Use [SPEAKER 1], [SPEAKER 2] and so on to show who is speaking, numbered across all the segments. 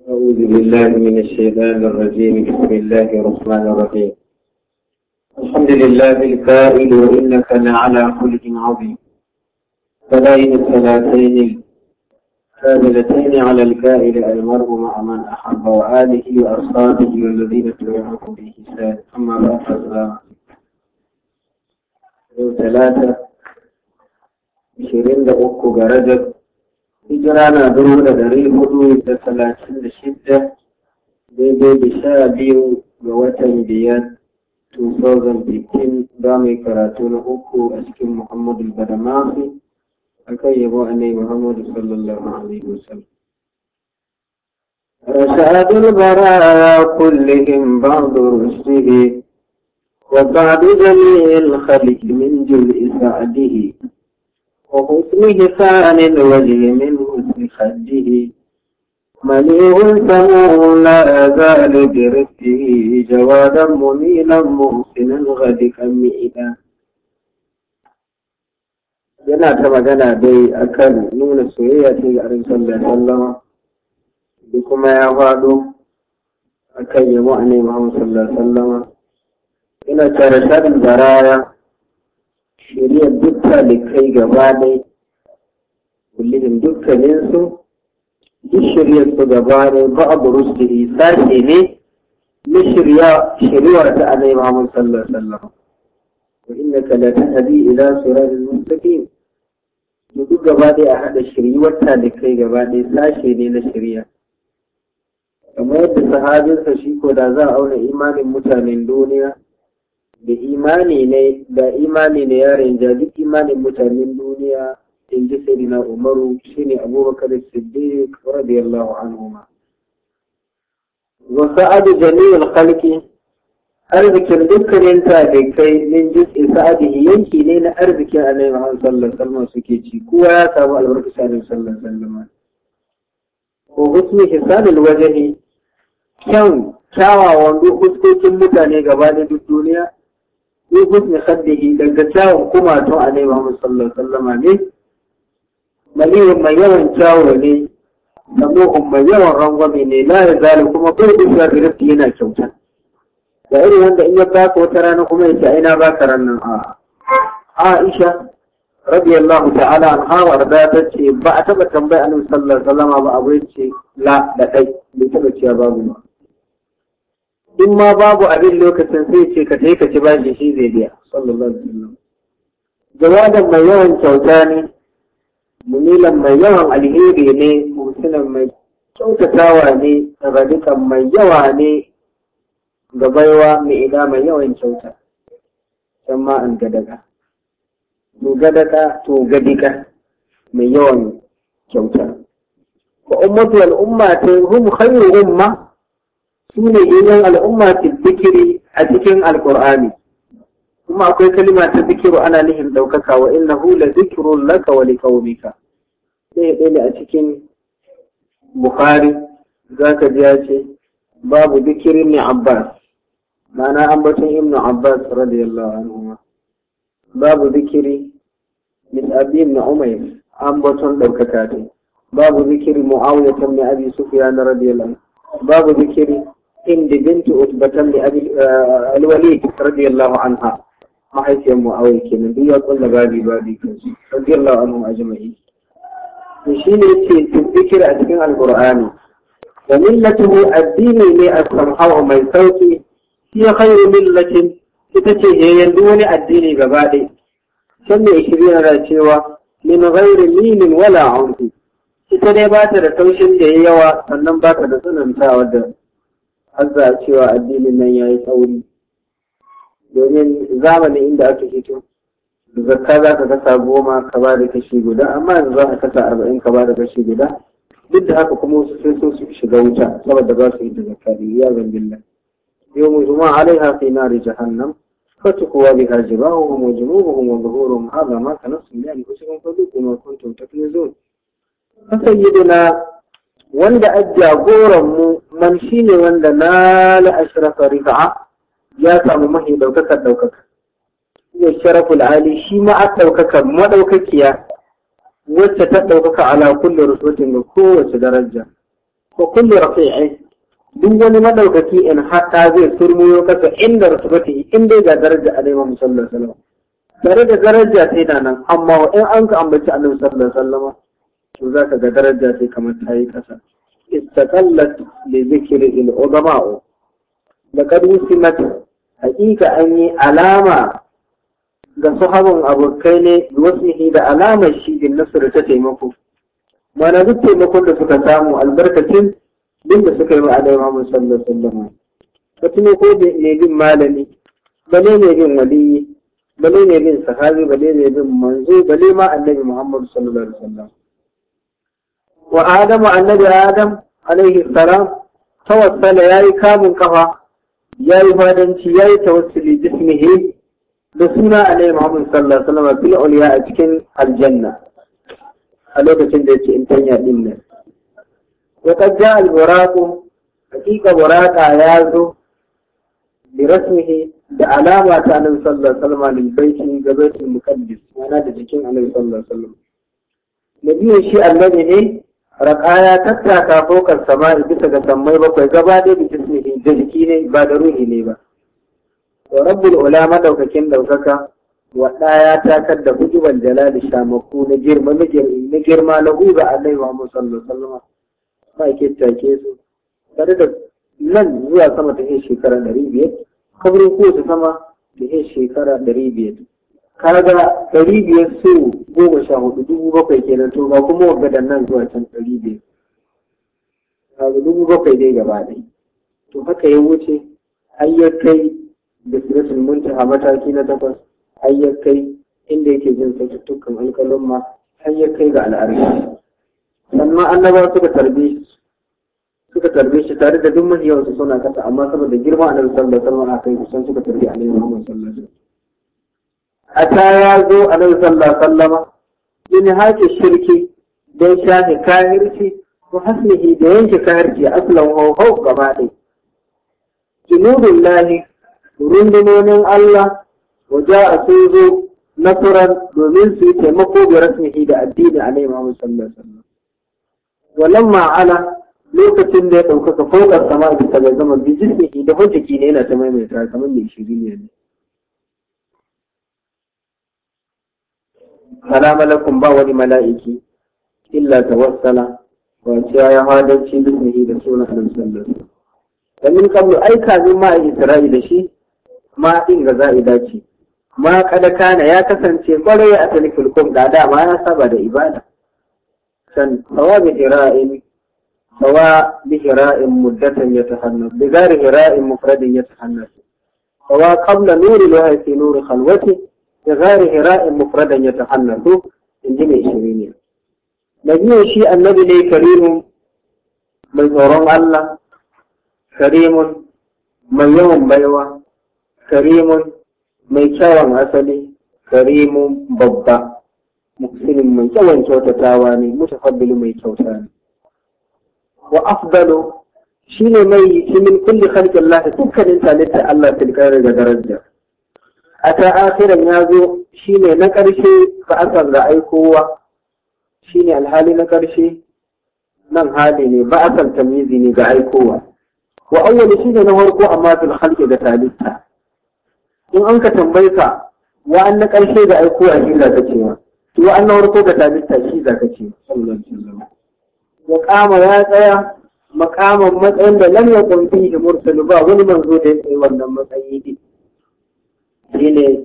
[SPEAKER 1] أعوذ بالله من الشيطان الرجيم بسم الله الرحمن الرحيم الحمد لله الكائل وإنك لعلى خلق عظيم فلاين الثلاثين الكاملتين على الكائل المرء مع من أحب وآله وأصحابه والذين تبعهم بإحسان أما بعد فالسلام ثلاثة 23 ga جرجت هجرانا برو لدري مدو لثلاثين شدة بيبي بسابيو بوطن بيان 2015 دامي كراتون أكو أسكن محمد البرماخي أكي يبو أني محمد صلى الله عليه وسلم رشاد البراء كلهم بعض رشده وبعد جميع الخليج من جل سعده وحسن جفان الولي من حسن خده مليء سمور لا أزال برفته جوادا منيلا محسنا غد كمئدا yana ta magana dai akan nuna soyayya ce ga arin sallallahu alaihi da kuma ya faɗo akan yabo a nemi hawan sallallahu alaihi yana tare shaɗin baraya shirya da kai gaba dai kullum dukkaninsu duk shirya su gaba dai ba a buru da yi ce ne na shirya shirya ta anai Muhammad sallar sallar wasallam wa innaka la tahdi ila siratal mutakin to duk gaba dai a hada da kai gaba dai sashe ne na shirya kamar yadda sahabinsa shi ko da za a auna imanin mutanen duniya da imani ne da imani ne ya rinja duk imanin mutanen duniya in ji na umaru shine abubakar siddiq radiyallahu anhuma wa sa'adu jami'ul khalqi arzikin dukkanin kai min ji sa'adihi yanki ne na arzikin annabi Muhammad sallallahu alaihi wasallam suke ci kowa ya samu albarkaci annabi sallallahu alaihi wasallam ko husni waje ne. kyan kyawawan duk mutane gaba da duk duniya ko husni khaddihi daga kuma kumatun annabi Muhammad sallallahu alaihi wasallam ne maliyin mai yawan kyawu ne namuhun mai yawan rangwame ne la ya zali kuma ko da shi yana kyauta da irin wanda in ya baka wata rana kuma ya ce ai na baka ranar a Aisha radiyallahu ta'ala anha wa da ta ce ba a taba tambaya annabi sallallahu alaihi wasallam ba abu ce la da dai bai taba cewa babu ba in ma babu abin lokacin sai ce ka je ka ci bashi shi zai biya sallallahu alaihi wasallam mai yawan kyauta ne munilan mai yawan alheri ne mutunan mai kyautatawa ne radikan mai yawa ne ga baiwa mai ina mai yawan kyauta can ma an gadaka to gadaka to gadika mai yawan kyauta Ba ummatu ta yi rumu khairu umma su ne iman al'umma fil zikiri a cikin alkur'ani kuma akwai kalima ta zikiru ana nihin ɗaukaka wa innahu hula zikrun laka wa liqaumika sai ɗaya a cikin bukhari za ji ya ce babu zikirin ni abbas ma'ana ambaton ibnu abbas radiyallahu anhu babu zikiri min abi ibn an batun ɗaukaka ta babu zikiri muawiya mai abi na radiyallahu anhu babu zikiri Hind bint Utbatan da eh, Al-Walid radiyallahu anha mahaifiyar Muawiya kenan duk ya kulla babi babi kansu radiyallahu anhu ajma'i to shine yake zikir a cikin Al-Qur'ani wa millatuhu addini ne a samhawa mai sauki hiya khairu millatin ita ce yayin duk wani addini gaba ɗaya can mai shirya da cewa min ghairi linin wala urfi ita dai ba ta da taushin da yawa sannan ba ta da tsanantawa da azza cewa addinin nan ya yi tsauri domin zamanin inda aka fito zakka za ka kasa goma ka ba da kashi guda amma yanzu za ka kasa arba'in ka ba da kashi guda duk da haka kuma wasu sai so su shiga wuta saboda ba su yi da zakka da iya zambin nan mu juma'a alaiha fi nari jahannam فتقوى بها جباههم وجنوبهم وظهورهم هذا ما كنتم بأنفسكم فذوقوا ما كنتم تكنزون فسيدنا wanda a jagoranmu man shi ne wanda na la'ashirafa rifa'a ya samu mahi daukakar daukaka. Ya sharaful ali shi ma a daukakar madaukakiya wacce ta daukaka ala kullum rusutin ga kowace daraja. Ko kullu ai duk wani madaukaki in haɗa zai turmuyo kasa inda in inda ga daraja a wa musallar salama Tare da daraja sai na nan amma in an ka ambaci alaihi sallallahu alaihi to za ka ga daraja sai kamar ta yi ƙasa istaqallat li zikri Da ƙarfi su mata, haƙiƙa an yi alama ga sahabin abokai ne yi da alamar shi bin da ta taimako mana duk taimakon da suka samu albarkacin din da suka yi wa alaihi musallar sallama. alaihi wasallam ka tuno ko ne bin malami bale ne bin waliyi bale ne bin sahabi bale ne bin manzo bale ma annabi Muhammadu sallallahu alaihi Sallam? wa adamu annabi adam alaihi salam tawassala yayi kamun kafa yayi fadanci yayi tawassuli bismihi da suna alaihi muhammad sallallahu alaihi wasallam fil ulya a cikin aljanna a lokacin da yake in tanya din nan wa qad jaa al buraqu haqiqa buraqa ya zo bi rasmihi da alama ta annabi sallallahu alaihi wasallam lil da jikin shi annabi ne raka ya tattaka fokar sama'i bisa ga sammai bakwai gaba ɗaya da jismihi da jiki ne ba da ruhi ne ba wa rabbul ula madaukakin daukaka wa ɗaya ta kadda hujuban jalali shamaku na girma na girma lahu ga alaihi wa musallu sallama ba ke take su tare da nan zuwa sama ta shekara ɗari biyar kabrin kowace sama ta shekara ɗari biyar kaga ɗari biyar so goma sha hudu dubu bakwai kenan to ga kuma da nan zuwa can ɗari biyar kaga dubu bakwai dai gaba ɗaya to haka ya wuce ayyar kai da munta a mataki na takwas ayyar kai inda yake jin sautattukan alƙalin ma ayyar kai ga al'arshi sannan annabawa suka tarbe suka tarbe shi tare da duk mahiyawansu suna kasa amma saboda girma annabi sallallahu alaihi wasallam a kai kusan suka tarbe annabi Muhammad sallallahu alaihi wasallam ata ya zo a nan sallah sallama in haƙi shirki don shafe kahirci ko hasmihi da yanke kahirci aslan hau gaba ɗaya. Junubin lahi rundunonin Allah waje a sun zo nasarar domin su yi taimako da rasmihi da addini a nema musamman sallallahu alaihi ma'ala lokacin da ya ɗaukaka fokar sama bisa ga zama bijismihi da hujjaki ne yana ta maimaita kamar mai shirin ne. fala malakun ba wani mala'iki illa tawassala wa cewa ya hadarci bismihi da sunan annabi sallallahu alaihi wasallam kablu ai kazin ma isra'i da shi ma din ga za'i dace ma kada kana ya kasance kwarai a talikul kum da dama ya saba da ibada san sawa bi hira'in sawa bi hira'in nuri da zari ira'in mufradan ya tahannalu in ji mai shiriniya. biyu shi annabi ne karimun mai tsoron Allah, karimun mai yawan baiwa, karimun mai kyawun asali, karimun babba, musulun mai kyawun kyautatawa ne, mutafabbilu mai kyauta ne. Wa afdalu shi ne mai yi min kulli khalqin lafi dukkanin talitta Allah tilkar da darajar. a ta akiran ya zo shi ne na ƙarshe ba a san aikowa shi ne alhali na ƙarshe nan hali ne ba a san tamizi ne ga aikowa wa awwali shi ne na farko amma fil halki da talitta in an ka tambaye ka wa an na ƙarshe ga aikowa shi za ka ce wa to wa an na farko ga talitta shi za ka ce wa kama ya tsaya makaman matsayin da lam yakun ya mursal ba wani manzo da ya tsaye wannan matsayi ne shi ne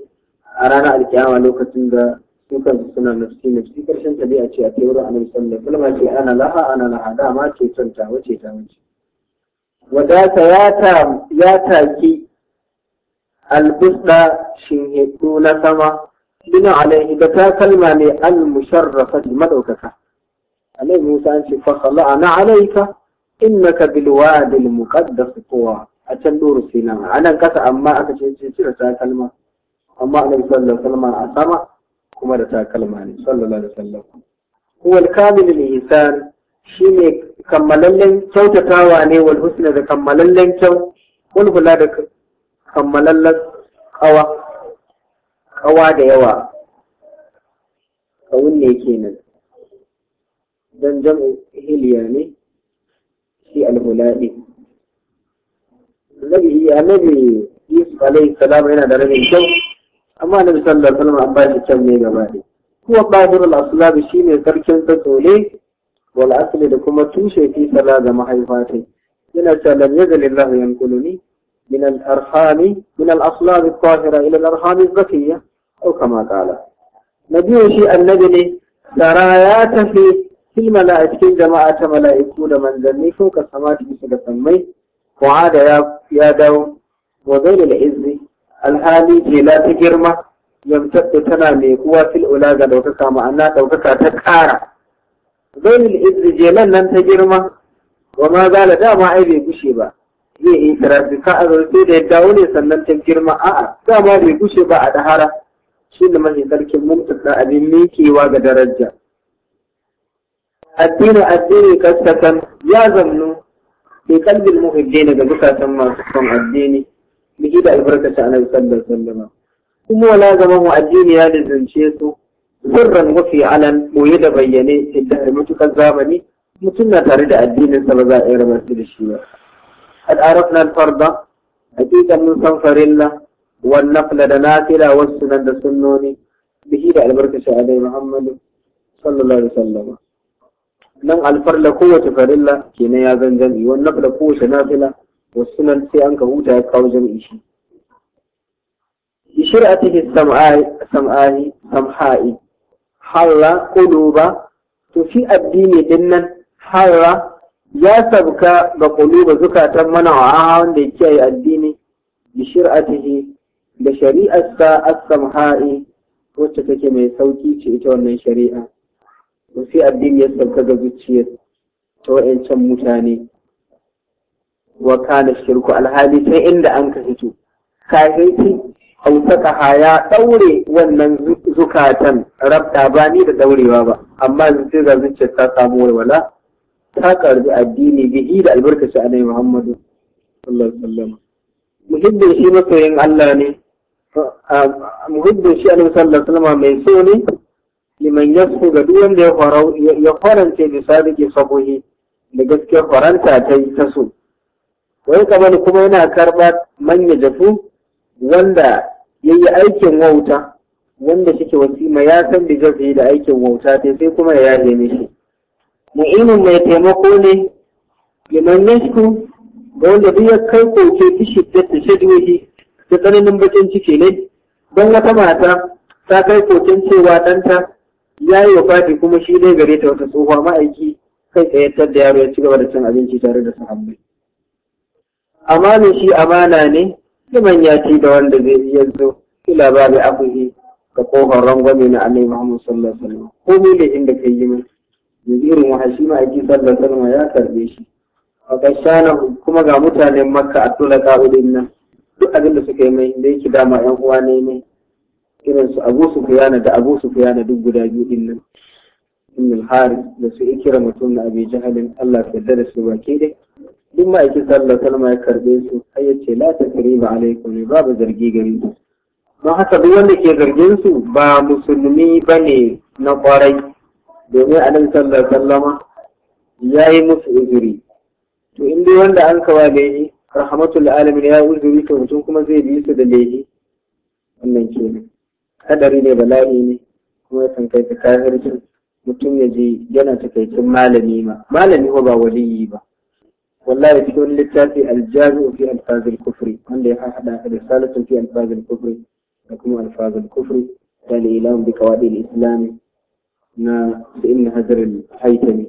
[SPEAKER 1] a ranar alkiyama lokacin da sukan suna nafsi nafsi karshen ta dai a ce a tewar annabi sallallahu alaihi wasallam ce ana laha ana laha dama ce son ta wace ta wace wadata ya ta ya taki albusda shinhedu na sama bina alaihi da ta kalma ne al musharrafa madaukaka alai musa an ce fa ana alaika innaka bil wadi al muqaddas tuwa a can doro sinan a nan kasa amma aka ce ce ta kalma amma annabi sallallahu alaihi wasallam a sama kuma da takalma ne sallallahu alaihi wasallam al kamil al ihsan shine kammalallen kyautatawa ne wal husna da kammalallen kyau wal da kammalallen kawa kawa da yawa kawun ne kenan dan jam'u hiliya ne shi al ne annabi annabi Yusuf alaihi salam yana da rabin kyau amma annabi sallallahu alaihi wasallam an ba shi can ne gaba ne huwa bahirul aslab shine sarkin tsatsole wal asli da kuma tushe fi sala da mahaifa ta yana ta lam yazal illahu yankuluni min al arhami min al aslab al tahira ila al arhami al zakiyya aw kama qala nabiyu shi annabi ne dara ya tafi fil mala'ikatin jama'a ta mala'iku da manzanni ko ka samati bisa ga sammai wa'ada ya ya dawo wa zailul izzi alhali jela ta girma da tana mai kuwa fil ula ga ɗaukaka ma'ana ɗaukaka ta ƙara zainul izzi jelan nan ta girma wa ma zala dama ai bai gushe ba zai yi tirafi ka a zarce da yadda wani sannan ta girma a'a dama bai gushe ba a dahara shi ne mafi sarkin mumtaka abin mikewa ga daraja addini addini kan ya zamnu ke kalbin ne ga zukatan masu son addini biki da albarkaci a nan sallar sallama kuma wala zaman wa addini ya lizance su sirran mafi alan boye da bayyane inda da mutukar zamani mutum na tare da addinin sa ba za a yi rabar da shi ba قد عرفنا الفرض حقيقة من صنفر الله والنقل دناتلا والسنن دسنوني به دا البركة عليه محمد صلى الله عليه وسلم نن الفرل قوة فرلا كينا يا زنجني والنقل قوة نافلة wasu nan sai an ka huta ya kawo jami'i shi. Ishir a cikin sam'ahi, sam'ahi, halla ko doba, to fi addini din nan halla ya sabka ga kuluba zukatan mana wa aha wanda ya kiyaye addini, ishir a cikin da shari'ar sa a sam'ahi wacce take mai sauki ce ita wannan shari'a. To fi addini ya sabka ga zuciyar ta waɗancan mutane. wa kana shirku alhali sai inda an ka hito kahirci ausakaha ya daure wannan zukatan rabta ba ni da daurewa ba amma sai ga zuciyar ta samu walwala ta karbi addini bihi da albarkaci annabi Muhammadu sallallahu alaihi wasallam muhibbin shi masoyin Allah ne muhibbin shi annabi sallallahu alaihi wasallam mai so ne liman yasku ga duk wanda ya farance bisa da ke sabohi da gaskiyar faranta ta yi ta so wani kamar kuma yana karɓar manya jafu wanda ya yi aikin wauta wanda suke wasima ya san da zai da aikin wauta ta sai kuma ya yaje shi mu'imin mai taimako ne liman yashku ga wanda duk ya kai koke ta shiddata shadwihi ta tsananin bakin ciki ne don wata mata ta kai koken cewa ɗanta ya yi wa fadi kuma shi dai gare ta wata tsohuwa ma'aiki kai tsayantar da yaro ya ci gaba da cin abinci tare da sahabbai amanin shi amana ne liman ya ci da wanda zai iya zo ila ba da abuhi ga kofar rangwame na annabi Muhammad sallallahu alaihi wasallam komai inda ka yi mai yuzirin wahashi ma aiki sallallahu alaihi ya karbe shi a kashana kuma ga mutanen makka a tura ka'udin nan duk abin da suka yi mai da yake dama yan uwa ne ne irin su Abu fiyana da Abu su fiyana duk guda biyu din nan inna al da su ikira mutum na Abi Jahalin Allah ya yarda da su ke dai duk ma'aikin sallallahu alaihi ya karbe su sai ya ce la tasriba alaikum ne babu zargi gare su don haka duk wanda ke zargin su ba musulmi ba ne na kwarai domin alin sallar salama ya yi musu uzuri to in dai wanda an kawa yi, rahmatul alamin ya uzuri to mutum kuma zai bi su da lehi wannan ke. ne kadari ne bala'i ne kuma ya kankai ta kafircin mutum ya je yana takaicin malami ma malami ko ba waliyi ba wallahi cikin littafi aljami'u fi alfazil kufri wanda ya hada risalatu fi alfazil kufri da kuma alfazil kufri da lilam bi qawaidil islam na da inna hajar al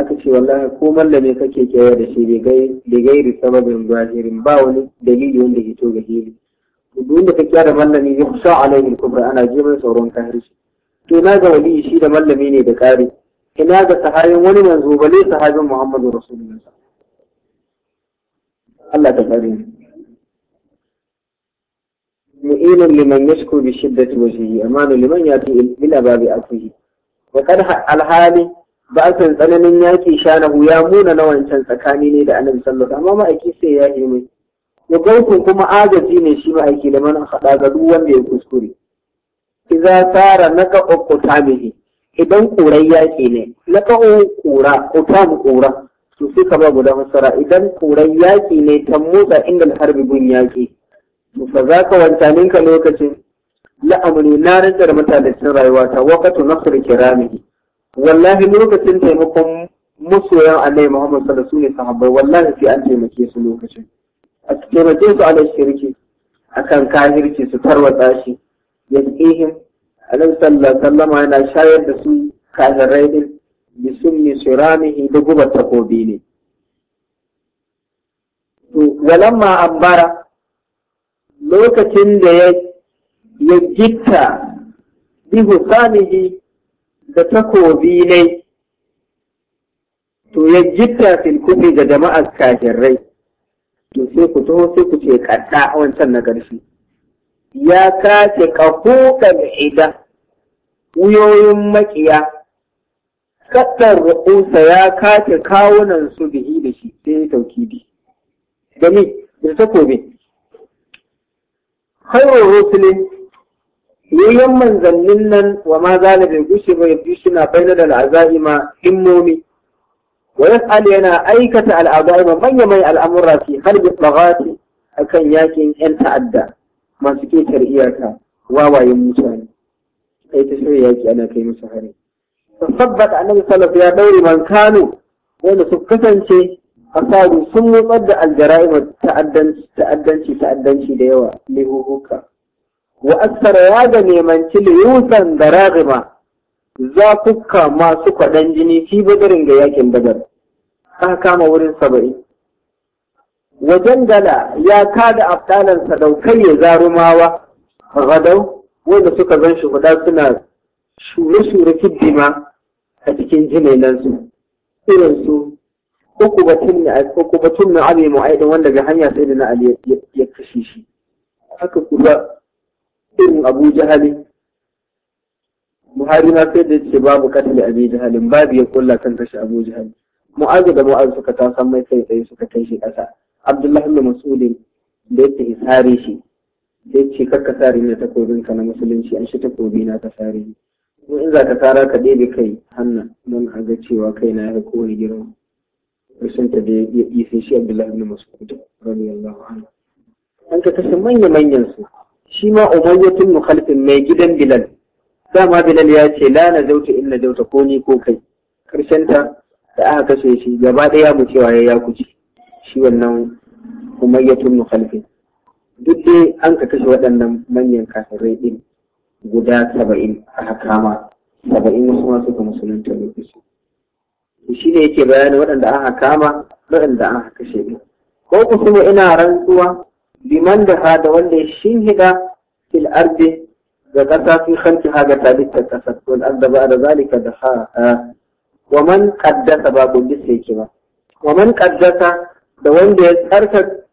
[SPEAKER 1] aka ce wallahi ko mallame kake kewa da shi bai gairi sababin zahirin ba wani dalili wanda ke to gahiri duk da kake da mallami ya kusa alaihi kubra ana jibin sauran kahirci to na ga wali shi da mallami ne da kare ina ga sahabin wani manzo bale sahabin muhammadu rasulullah Allah ta fari Mu'inin liman ya yashku bi shiddati wajhihi amanu liman ya yati ila babi akhihi wa qad alhali ba'san tsananin yaki shanahu ya muna na wancan tsakani ne da anan sallar. amma ma'aiki sai ya yi mai ya gaukun kuma agaji ne shi ma'aiki da mana haɗa ga duk wanda ya kuskure idza tara naka ukutamihi idan kurai yaƙi ne naka kura kutam kura to sai kama ba guda masara idan turai yaƙi ne ta motsa inda harbi bun yaƙi to fa za ka wancanin lokacin? lokacin la'amuri na rantsar matalacin ta wakatu nasr kiramihi wallahi lokacin taimakon musoyan annabi Muhammad sallallahu alaihi wasallam sahabbai wallahi sai an taimake su lokacin a taimake su ala shirki akan kahirci su tarwatsa shi ihim, alaihi sallallahu alaihi wasallam yana shayar da su kahirai din bisummi سرامه da gubar takobi ne to walamma ambara lokacin da ya ya bihu da takobi ne to ya gitta fil kufi ga jama'ar kafirai to sai ku taho sai ku ce kadda wancan na ƙarshe ya kace ida wuyoyin maƙiya. kaddar ru'usa ya kace kawunan su bihi da shi sai taukidi domin da takobi khairul rusulin yoyon manzannin nan wa ma da bai gushe ba yabdi suna bayyana da al'azaima himmomi wa yas'al yana aikata al'azaima manya mai al'amura fi harbi bagati akan yakin yan ta'adda masu ketar iyaka wawayen mutane ai ta shirya yaki ana kai musu hari tabbata annabi salaf ya daure man kano wanda su kasance asabu sun motsar da aljara'im ta'addanci ta'addanci da yawa lihuhuka wa aksara ya ga nemanci liyusan da ragima kuka masu kwaɗan jini fi ga yakin badar aka kama wurin saba'in wajen gala ya kada afdalansa daukai ya zarumawa gadau wanda suka zan shi guda suna shure-shure fiddima a cikin jinainan su irin su uku batun na uku mu'aidin wanda ga hanya sai da na ali ya kashe shi haka kula irin abu jahali Buhari sai da ce babu katil abi jahalin babu ya kulla kan kashe abu jahali mu'azu da mu'azu suka san mai kai tsaye suka kai shi ƙasa abdullahi bin mas'udin da yake hisare shi da yake kakka sare ne takobinka na musulunci an shi takobi na ka sare ni in za ka tara ka daidai kai hannun don a ga cewa kai na ya kowane girma rashin ta da ya sai shi abdullahi ibn mas'ud radiyallahu anhu an ka kashe manya manyan su shi ma umayyatul mukhalifin mai gidan bilal dama bilal ya ce la na zauta in na zauta ko ni ko kai karshen ta da aka kashe shi gaba ɗaya mu cewa ya ya kuce shi wannan umayyatul mukhalifin duk dai an ka kashe waɗannan manyan kafirai ɗin guda saba'in aka kama saba'in wasu masu suka musulunta lokaci shi ne yake bayani waɗanda aka kama waɗanda aka kashe shaidu ko kuma ina rantsuwa liman da ha da wanda ya hida fil ardi ga ƙasa fi khalqi ha ga talittar ƙasar wal arda ba da zalika da ha wa man qaddasa ba gudis yake ba wa man qaddasa da wanda ya tsarkaka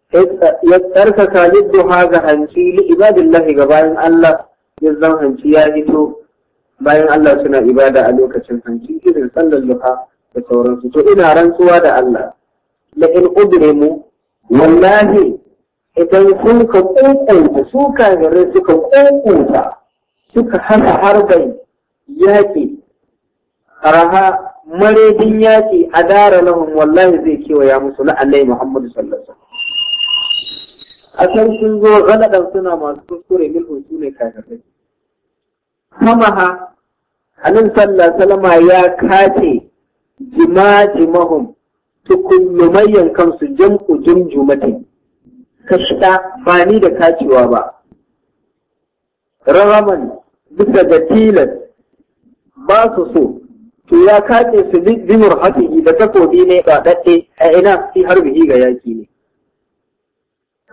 [SPEAKER 1] ya tsarkaka liddu ha ga hanci li ibadillahi ga bayan Allah zan hanci ya hito bayan Allah suna ibada a lokacin hanci irin sallar duha da sauransu to ina rantsuwa da Allah la in udrimu wallahi idan sun ka kokonta su kafirai suka kokonta suka hana harbin yaƙi raha maredin yaƙi a dara lahum wallahi zai kewaya musu la'allai Muhammadu sallallahu alaihi a sun zo ranadan suna masu kuskure milhun su ne kafirai kamaha anan sallah salama ya kace jimajimahum mayyan kansu jam'u jumjumatin kashta ba ni da kacewa ba raraman bisa ga tilas ba su so to ya kace su bimur hafihi da takobi ne ba daɗe a ina fi harbihi ga yaki ne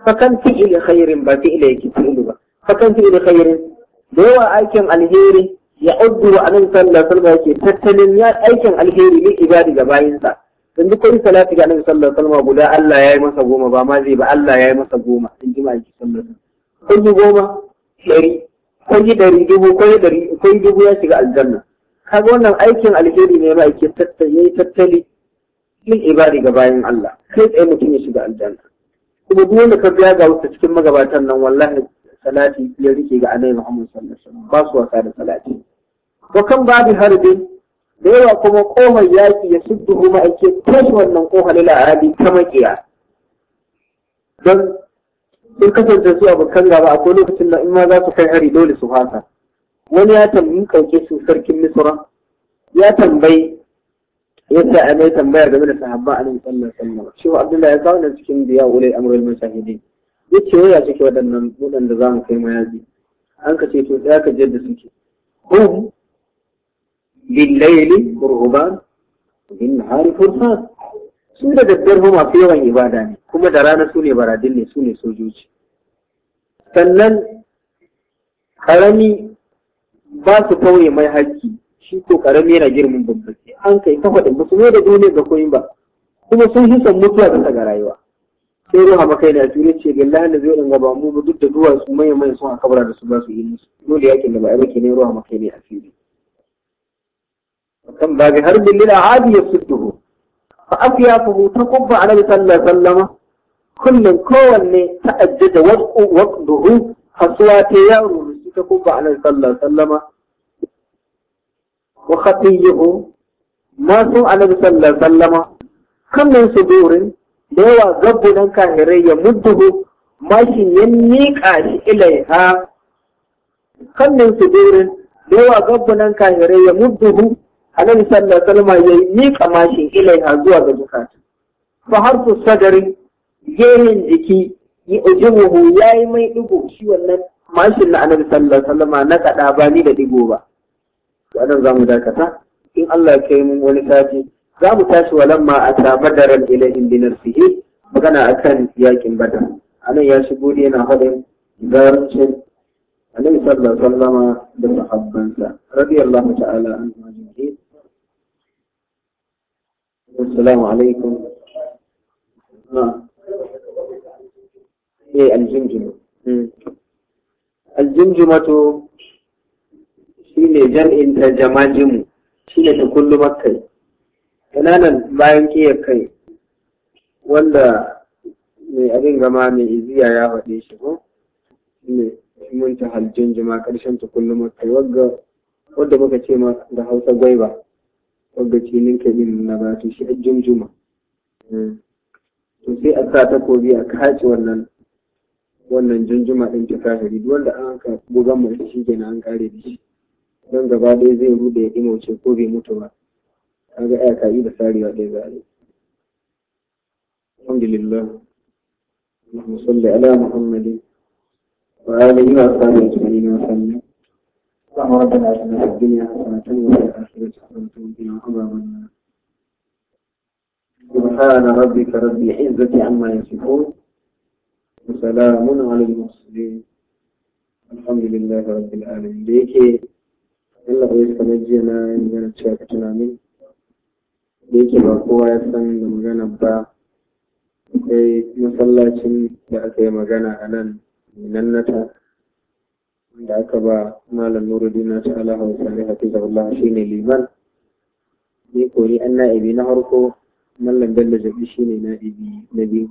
[SPEAKER 1] fakan fi'il khairin ba fi'il yake fi'il ba fakan fi'il khairin da yawa aikin alheri ya uddu wa anan sallallahu alaihi yake tattalin ya aikin alheri ne ibadi ga bayinsa dan duk wani salati ga annabi sallallahu alaihi wasallam guda Allah yayi masa goma ba ma zai ba Allah yayi masa goma in ji maki sallallahu alaihi goma dari kun yi dari dubu kun dari kun dubu ya shiga aljanna kaga wannan aikin alheri ne ma yake tattali tattali min ibadi ga bayin Allah kai tsaye mutum ya shiga aljanna kuma duk wanda ka biya ga wasu cikin magabatan nan wallahi salati ya rike ga annabi Muhammad sallallahu alaihi wasallam ba su wasa da salati to kan babu harbi da yawa kuma kofar yaki ya suddu kuma ake tashi wannan kofar lil'adi ta makiya don sun kasance su abokan gaba akwai lokacin da in ma za su kai hari dole su fasa wani ya tambayi kauke su sarkin misra ya tambayi ya ce a mai tambaya game da sahabba a nan sallar sallar shi wa abdullahi ya kawo cikin biya ulai amrul mujahidin ya waya suke waɗannan waɗanda za mu kai mayaji an ka ce to ɗaya ka jadda suke hum lillaili qurban bin hari furfa su da daddar ma masu yawan ibada ne kuma da rana su ne baradin ne su ne sojoji sannan karami ba su tauye mai haƙƙi shi ko karami yana girman babbaci an kai kafa da musu ne da dole ga koyin ba kuma sun hisan mutuwa ta ga rayuwa sai ruwa makai da jure ce billahi da zai ringa ba mu duk da duwatsu mai mai sun akabara da su ba su yi musu dole yakin da ba a ke ne ruwa makai ne a fili kan ba ga harbin lila hadi ya sudduhu fa afiya fuhu ta kubba annabi sallallahu alaihi wasallama kullun kowanne ta'ajjada waqduhu hasuwa ta yaro su ta kubba annabi sallallahu alaihi wasallama wa khatiyu ma sun annabi sallallahu alaihi wasallama kan min sudurin da yawa gabbunan kahirai ya mudduhu mashin ya miƙa shi ilaiha kannin su durin da yawa gabbunan kahirai ya mudduhu annabi sallallahu alaihi salma ya miƙa mashin ilaiha zuwa ga zukata fa har su sadari gehen jiki ya yi mai digo shi wannan mashin na anan sallallahu alaihi na kaɗa ba ni da digo ba wannan mu dakata in Allah ya kai mun wani sati za mu tashi walamma a ta badaran ilahin dinar fiye magana a kan yakin bada. a nan ya shigo ne yana haɗin garancin alaihi sallar sallama da sahabbansa radiyallahu ta'ala an majiki assalamu alaikum eh aljinjima hmm. shi shine jam'in ta shi shine ta kullu kai. kananan bayan kiyar kai wanda mai abin gama mai iziya ya faɗe shi ko mai munta haljin jima ƙarshen ta kullum kai wagga wadda muka ce ma da hausa gwaiba wagga cinin ka yin na ba to shi ajin juma hmm. to sai a sa takobi a kace wannan wannan junjuma ɗin ta kahiri duk wanda an ka bugan mu shi kenan an kare da shi don gaba ɗaya zai rude ya ɗimauce ko bai mutu ba هذا ساري آية ذلك الحمد لله اللهم صل على محمد وآله وأصحابه أجمعين وسلم اللهم ربنا آتنا في الدنيا حسنة وفي الآخرة حسنة وقنا عذاب النار سبحان ربك رب العزة عما يصفون وسلام على المرسلين الحمد لله رب العالمين ليكي الله يسلمك sanar jiya na yin da yake ba kowa ya san da magana ba akwai masallacin da aka yi magana a nan na ta da aka ba malam nuruddin ta ala hausa ne shi shine liman ni ko an na'ibi na harko mallam bello jabi shine na'ibi na biyu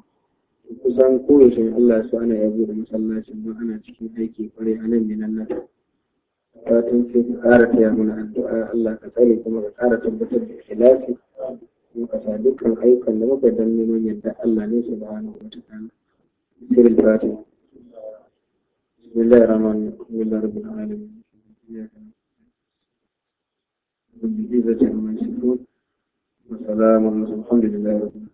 [SPEAKER 1] kusan koyaushe Allah su ana yabo da masallacin don ana cikin aiki kwarai a nan na ta. fatan sai ka ƙara taya mana addu'a Allah ka tsare kuma ka ƙara tabbatar da ikhlasi kuma ka sa dukkan ayyukan da muka dan neman yadda Allah ne subhanahu wa ta'ala sirr fatiha بسم الله الرحمن الرحيم الحمد لله رب العالمين إياك نعبد وإياك نستعين وسلام والحمد لله رب العالمين